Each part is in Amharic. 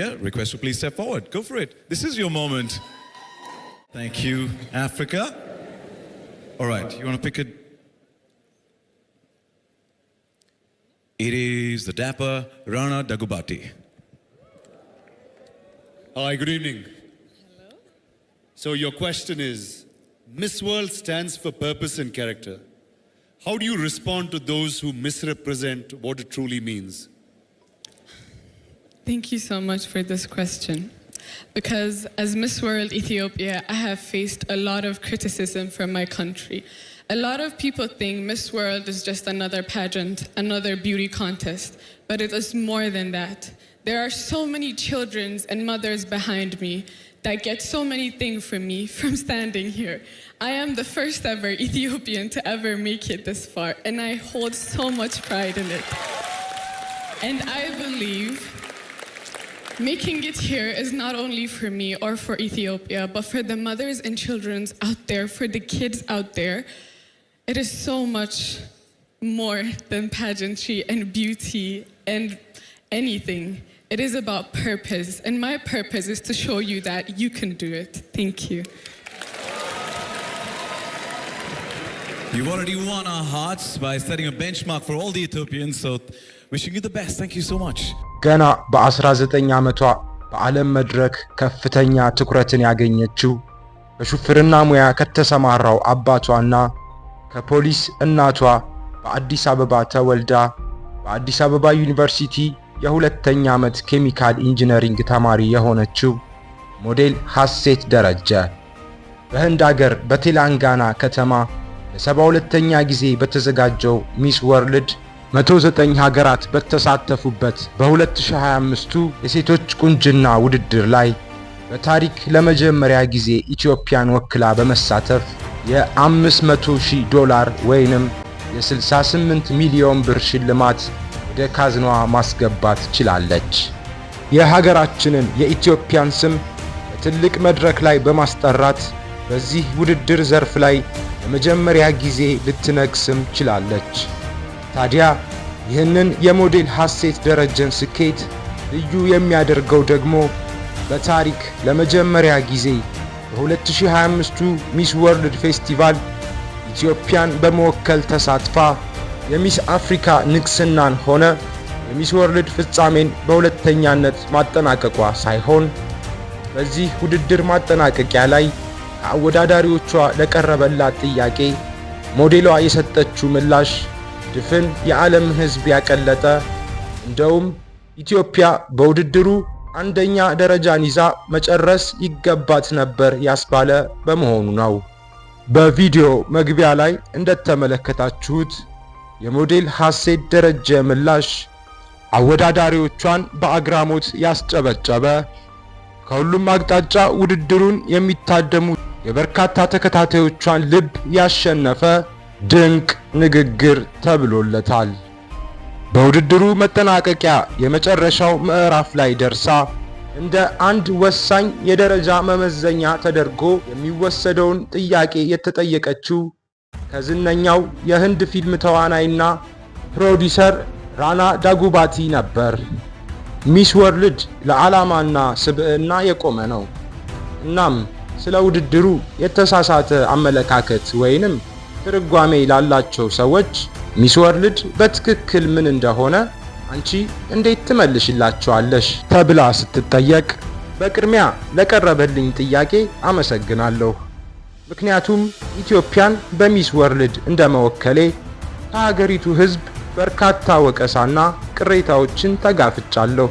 request to please step forward. Go for it. This is your moment. Thank you, Africa. All right, you want to pick a. It is the dapper Rana Dagubati. Hi, good evening. Hello. So, your question is Miss World stands for purpose and character. How do you respond to those who misrepresent what it truly means? Thank you so much for this question. Because as Miss World Ethiopia, I have faced a lot of criticism from my country. A lot of people think Miss World is just another pageant, another beauty contest, but it is more than that. There are so many children and mothers behind me that get so many things from me from standing here. I am the first ever Ethiopian to ever make it this far, and I hold so much pride in it. And I believe Making it here is not only for me or for Ethiopia, but for the mothers and children out there, for the kids out there. It is so much more than pageantry and beauty and anything. It is about purpose, and my purpose is to show you that you can do it. Thank you. You've already won our hearts by setting a benchmark for all the Ethiopians, so wishing you the best. Thank you so much. ገና በ19 ዓመቷ በዓለም መድረክ ከፍተኛ ትኩረትን ያገኘችው በሹፍርና ሙያ ከተሰማራው አባቷና ከፖሊስ እናቷ በአዲስ አበባ ተወልዳ በአዲስ አበባ ዩኒቨርሲቲ የሁለተኛ ዓመት ኬሚካል ኢንጂነሪንግ ተማሪ የሆነችው ሞዴል ሐሴት ደረጀ በህንድ አገር በቴላንጋና ከተማ ለ72ኛ ጊዜ በተዘጋጀው ሚስ ወርልድ 109 ሀገራት በተሳተፉበት በ2025ቱ የሴቶች ቁንጅና ውድድር ላይ በታሪክ ለመጀመሪያ ጊዜ ኢትዮጵያን ወክላ በመሳተፍ የ500 ሺህ ዶላር ወይንም የ68 ሚሊዮን ብር ሽልማት ወደ ካዝኗ ማስገባት ችላለች። የሀገራችንን የኢትዮጵያን ስም በትልቅ መድረክ ላይ በማስጠራት በዚህ ውድድር ዘርፍ ላይ ለመጀመሪያ ጊዜ ልትነግስም ችላለች። ታዲያ ይህንን የሞዴል ሐሴት ደረጀን ስኬት ልዩ የሚያደርገው ደግሞ በታሪክ ለመጀመሪያ ጊዜ በ2025ቱ ሚስ ወርልድ ፌስቲቫል ኢትዮጵያን በመወከል ተሳትፋ የሚስ አፍሪካ ንግስናን ሆነ የሚስ ወርልድ ፍጻሜን በሁለተኛነት ማጠናቀቋ ሳይሆን በዚህ ውድድር ማጠናቀቂያ ላይ ከአወዳዳሪዎቿ ለቀረበላት ጥያቄ ሞዴሏ የሰጠችው ምላሽ ድፍን የዓለም ሕዝብ ያቀለጠ እንደውም ኢትዮጵያ በውድድሩ አንደኛ ደረጃን ይዛ መጨረስ ይገባት ነበር ያስባለ በመሆኑ ነው። በቪዲዮ መግቢያ ላይ እንደተመለከታችሁት የሞዴል ሐሴት ደረጀ ምላሽ አወዳዳሪዎቿን በአግራሞት ያስጨበጨበ ከሁሉም አቅጣጫ ውድድሩን የሚታደሙ የበርካታ ተከታታዮቿን ልብ ያሸነፈ ድንቅ ንግግር ተብሎለታል። በውድድሩ መጠናቀቂያ የመጨረሻው ምዕራፍ ላይ ደርሳ እንደ አንድ ወሳኝ የደረጃ መመዘኛ ተደርጎ የሚወሰደውን ጥያቄ የተጠየቀችው ከዝነኛው የህንድ ፊልም ተዋናይና ፕሮዲሰር ራና ዳጉባቲ ነበር። ሚስ ወርልድ ለዓላማና ስብዕና የቆመ ነው። እናም ስለ ውድድሩ የተሳሳተ አመለካከት ወይንም ትርጓሜ ላላቸው ሰዎች ሚስ ወርልድ በትክክል ምን እንደሆነ አንቺ እንዴት ትመልሽላቸዋለሽ ተብላ ስትጠየቅ በቅድሚያ ለቀረበልኝ ጥያቄ አመሰግናለሁ። ምክንያቱም ኢትዮጵያን በሚስ ወርልድ እንደመወከሌ ከሀገሪቱ ሕዝብ በርካታ ወቀሳና ቅሬታዎችን ተጋፍጫለሁ።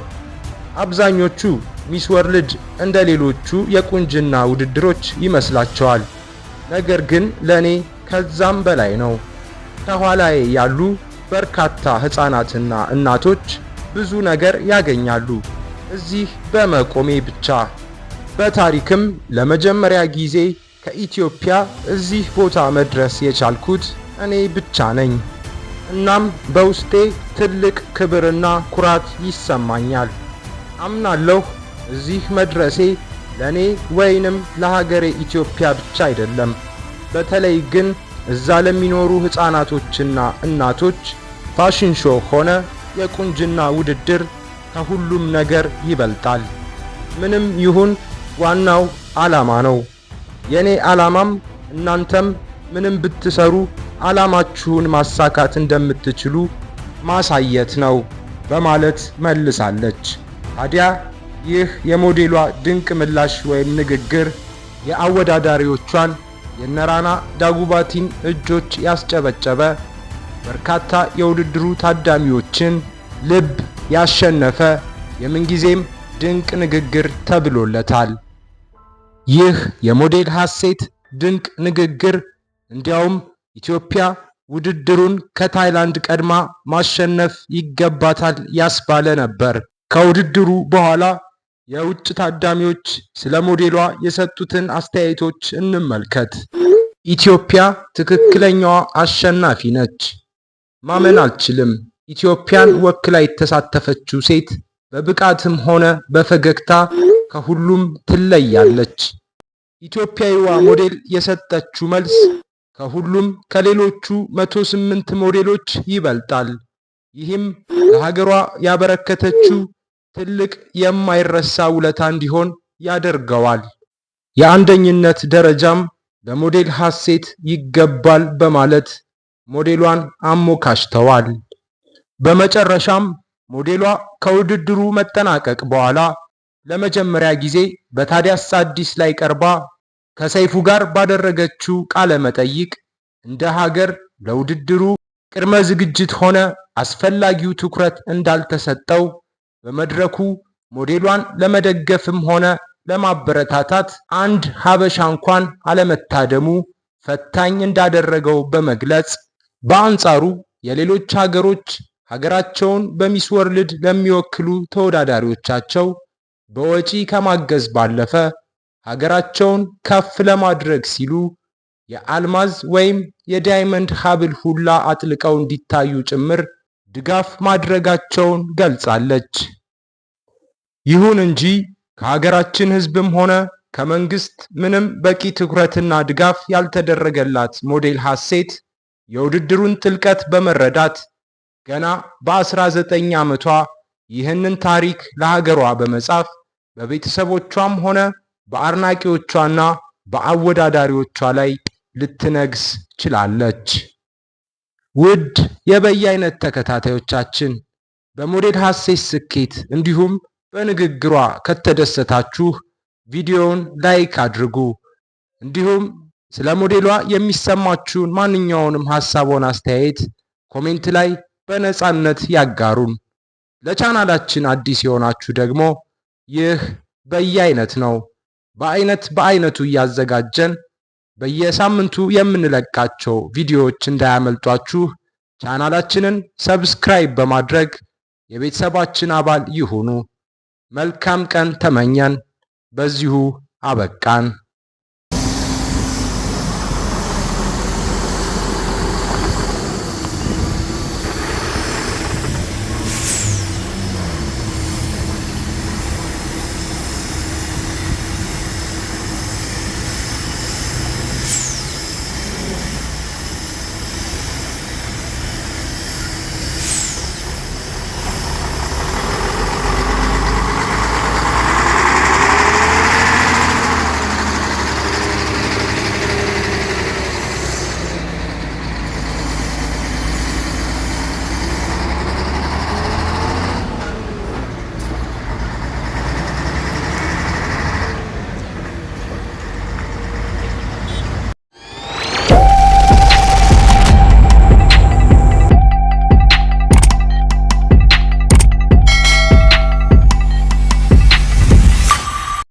አብዛኞቹ ሚስ ወርልድ እንደ ሌሎቹ የቁንጅና ውድድሮች ይመስላቸዋል። ነገር ግን ለእኔ ከዛም በላይ ነው። ከኋላዬ ያሉ በርካታ ሕፃናትና እናቶች ብዙ ነገር ያገኛሉ እዚህ በመቆሜ ብቻ። በታሪክም ለመጀመሪያ ጊዜ ከኢትዮጵያ እዚህ ቦታ መድረስ የቻልኩት እኔ ብቻ ነኝ። እናም በውስጤ ትልቅ ክብርና ኩራት ይሰማኛል። አምናለሁ እዚህ መድረሴ ለእኔ ወይንም ለሀገሬ ኢትዮጵያ ብቻ አይደለም በተለይ ግን እዛ ለሚኖሩ ሕፃናቶችና እናቶች ፋሽን ሾ ሆነ የቁንጅና ውድድር ከሁሉም ነገር ይበልጣል። ምንም ይሁን ዋናው ዓላማ ነው። የኔ ዓላማም እናንተም ምንም ብትሰሩ ዓላማችሁን ማሳካት እንደምትችሉ ማሳየት ነው በማለት መልሳለች። ታዲያ ይህ የሞዴሏ ድንቅ ምላሽ ወይም ንግግር የአወዳዳሪዎቿን የነራና ዳጉባቲን እጆች ያስጨበጨበ በርካታ የውድድሩ ታዳሚዎችን ልብ ያሸነፈ የምንጊዜም ድንቅ ንግግር ተብሎለታል። ይህ የሞዴል ሐሴት ድንቅ ንግግር እንዲያውም ኢትዮጵያ ውድድሩን ከታይላንድ ቀድማ ማሸነፍ ይገባታል ያስባለ ነበር። ከውድድሩ በኋላ የውጭ ታዳሚዎች ስለ ሞዴሏ የሰጡትን አስተያየቶች እንመልከት። ኢትዮጵያ ትክክለኛዋ አሸናፊ ነች። ማመን አልችልም። ኢትዮጵያን ወክላ የተሳተፈችው ሴት በብቃትም ሆነ በፈገግታ ከሁሉም ትለያለች። ኢትዮጵያዊዋ ሞዴል የሰጠችው መልስ ከሁሉም ከሌሎቹ 108 ሞዴሎች ይበልጣል። ይህም ለሀገሯ ያበረከተችው ትልቅ የማይረሳ ውለታ እንዲሆን ያደርገዋል። የአንደኝነት ደረጃም ለሞዴል ሐሴት ይገባል በማለት ሞዴሏን አሞካሽተዋል። በመጨረሻም ሞዴሏ ከውድድሩ መጠናቀቅ በኋላ ለመጀመሪያ ጊዜ በታዲያስ አዲስ ላይ ቀርባ ከሰይፉ ጋር ባደረገችው ቃለ መጠይቅ እንደ ሀገር ለውድድሩ ቅድመ ዝግጅት ሆነ አስፈላጊው ትኩረት እንዳልተሰጠው በመድረኩ ሞዴሏን ለመደገፍም ሆነ ለማበረታታት አንድ ሀበሻ እንኳን አለመታደሙ ፈታኝ እንዳደረገው በመግለጽ በአንጻሩ የሌሎች ሀገሮች ሀገራቸውን በሚስ ወርልድ ለሚወክሉ ተወዳዳሪዎቻቸው በወጪ ከማገዝ ባለፈ ሀገራቸውን ከፍ ለማድረግ ሲሉ የአልማዝ ወይም የዳይመንድ ሀብል ሁላ አጥልቀው እንዲታዩ ጭምር ድጋፍ ማድረጋቸውን ገልጻለች። ይሁን እንጂ ከሀገራችን ህዝብም ሆነ ከመንግስት ምንም በቂ ትኩረትና ድጋፍ ያልተደረገላት ሞዴል ሐሴት የውድድሩን ጥልቀት በመረዳት ገና በ19 ዓመቷ ይህንን ታሪክ ለሀገሯ በመጻፍ በቤተሰቦቿም ሆነ በአድናቂዎቿና በአወዳዳሪዎቿ ላይ ልትነግስ ችላለች። ውድ የበየአይነት ተከታታዮቻችን በሞዴል ሐሴት ስኬት እንዲሁም በንግግሯ ከተደሰታችሁ ቪዲዮውን ላይክ አድርጉ። እንዲሁም ስለ ሞዴሏ የሚሰማችሁን ማንኛውንም ሀሳቦን አስተያየት ኮሜንት ላይ በነጻነት ያጋሩን። ለቻናላችን አዲስ የሆናችሁ ደግሞ ይህ በየአይነት ነው። በአይነት በአይነቱ እያዘጋጀን በየሳምንቱ የምንለቃቸው ቪዲዮዎች እንዳያመልጧችሁ ቻናላችንን ሰብስክራይብ በማድረግ የቤተሰባችን አባል ይሁኑ። መልካም ቀን ተመኛን። በዚሁ አበቃን።